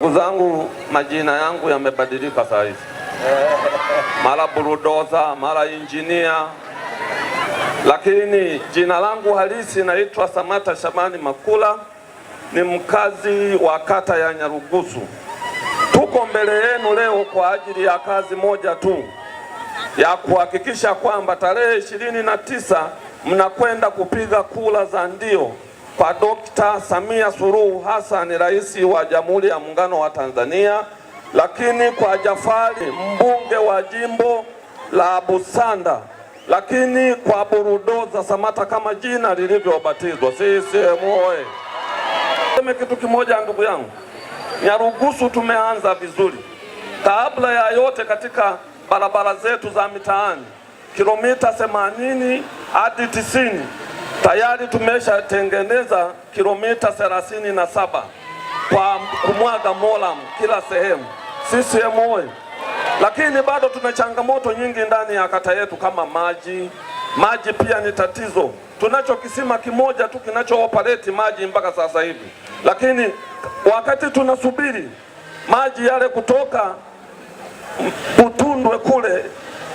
Ndugu zangu, majina yangu yamebadilika saa hizi, mara burudoza, mara injinia, lakini jina langu halisi naitwa Samata Shabani Makula, ni mkazi wa kata ya Nyarugusu. Tuko mbele yenu leo kwa ajili ya kazi moja tu ya kuhakikisha kwamba tarehe ishirini na tisa mnakwenda kupiga kura za ndio kwa Dokta Samia Suluhu Hassan, rais wa Jamhuri ya Muungano wa Tanzania, lakini kwa Jafari, mbunge wa jimbo la Busanda, lakini kwa Burudoza Samata kama jina lilivyobatizwa CCM oye! Seme kitu kimoja, ndugu yangu Nyarugusu, tumeanza vizuri. Kabla ya yote, katika barabara zetu za mitaani kilomita 80 hadi 90 Tayari tumeshatengeneza kilomita 37 kwa kumwaga moram kila sehemu. CCM oyee! Lakini bado tuna changamoto nyingi ndani ya kata yetu kama maji. Maji pia ni tatizo. Tunacho kisima kimoja tu kinachooperate maji mpaka sasa hivi, lakini wakati tunasubiri maji yale kutoka Utundwe kule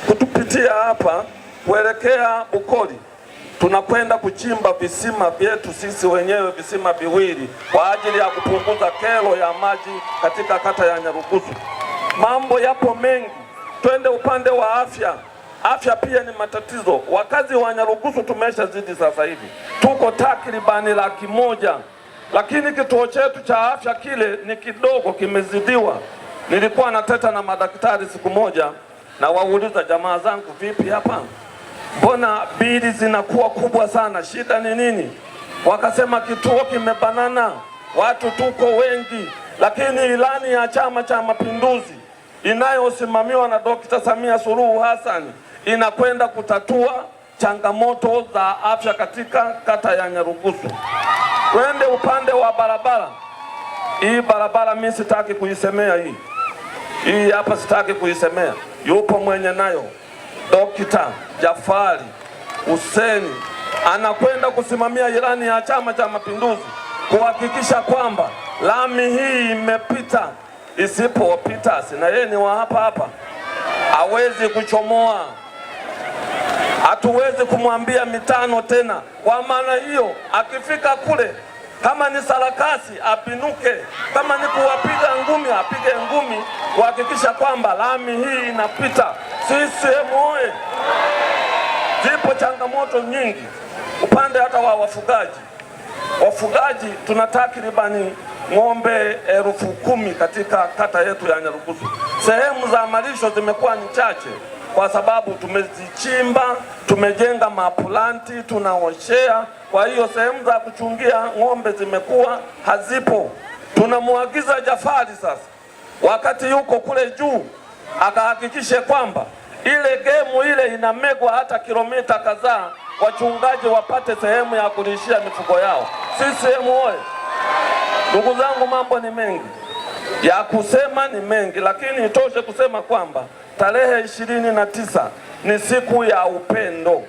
kutupitia hapa kuelekea Bukoli tunakwenda kuchimba visima vyetu sisi wenyewe visima viwili kwa ajili ya kupunguza kero ya maji katika kata ya Nyarugusu. Mambo yapo mengi, twende upande wa afya. Afya pia ni matatizo. Wakazi wa Nyarugusu tumeshazidi sasa hivi, tuko takribani laki moja, lakini kituo chetu cha afya kile ni kidogo, kimezidiwa. Nilikuwa nateta na madaktari siku moja, nawauliza jamaa zangu, vipi hapa mbona bili zinakuwa kubwa sana, shida ni nini? Wakasema kituo kimebanana, watu tuko wengi, lakini ilani ya Chama cha Mapinduzi inayosimamiwa na Dokta Samia Suluhu Hassan inakwenda kutatua changamoto za afya katika kata ya Nyarugusu. Twende upande wa barabara. Hii barabara mimi sitaki kuisemea, hii hii hapa sitaki kuisemea, yupo mwenye nayo Muktar Jafari Hussein anakwenda kusimamia ilani ya Chama cha Mapinduzi kuhakikisha kwamba lami hii imepita, isipopita na yeye ni wa hapa hapa, hawezi kuchomoa. Hatuwezi kumwambia mitano tena. Kwa maana hiyo, akifika kule, kama ni sarakasi apinuke, kama ni kuwapiga ngumi apige ngumi, kuhakikisha kwamba lami hii inapita. CCM oye! Zipo changamoto nyingi upande hata wa wafugaji. Wafugaji tuna takribani ng'ombe elfu kumi katika kata yetu ya Nyarugusu. Sehemu za malisho zimekuwa ni chache kwa sababu tumezichimba, tumejenga mapulanti, tunaoshea. Kwa hiyo sehemu za kuchungia ng'ombe zimekuwa hazipo. Tunamwagiza Jafari sasa, wakati yuko kule juu akahakikishe kwamba ile gemu ile inamegwa hata kilomita kadhaa, wachungaji wapate sehemu ya kulishia mifugo yao. Sisi sehemu oye, ndugu zangu, mambo ni mengi ya kusema ni mengi, lakini itoshe kusema kwamba tarehe ishirini na tisa ni siku ya upendo,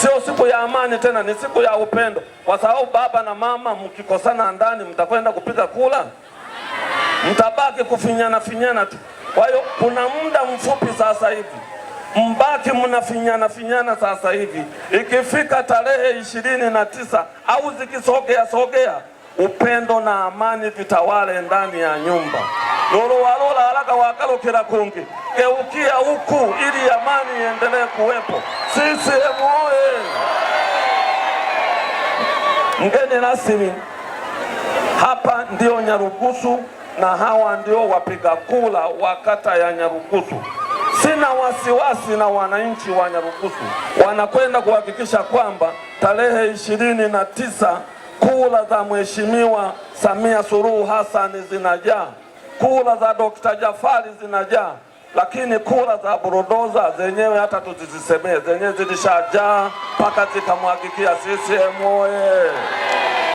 sio siku ya amani tena, ni siku ya upendo, kwa sababu baba na mama mkikosana ndani, mtakwenda kupiga kula, mtabaki kufinyana finyana tu. Kwa hiyo kuna muda mfupi sasa hivi mbaki mnafinyana finyana sasa hivi, ikifika tarehe ishirini na tisa au zikisogea sogea, upendo na amani vitawale ndani ya nyumba lolowalola haraka kila kungi geukia huku ili amani iendelee kuwepo. CCM oye! Mgeni rasmi, hapa ndiyo Nyarugusu na hawa ndio wapiga kula wa kata ya Nyarugusu. Sina wasiwasi na wananchi wa Nyarugusu, wanakwenda kuhakikisha kwamba tarehe ishirini na tisa kula za Mheshimiwa Samia Suluhu hasani zinajaa, kula za dokta Jafari zinajaa, lakini kura za burudoza zenyewe hata tuzizisemee, zenyewe zilishajaa mpaka zikamwagikia CCM oye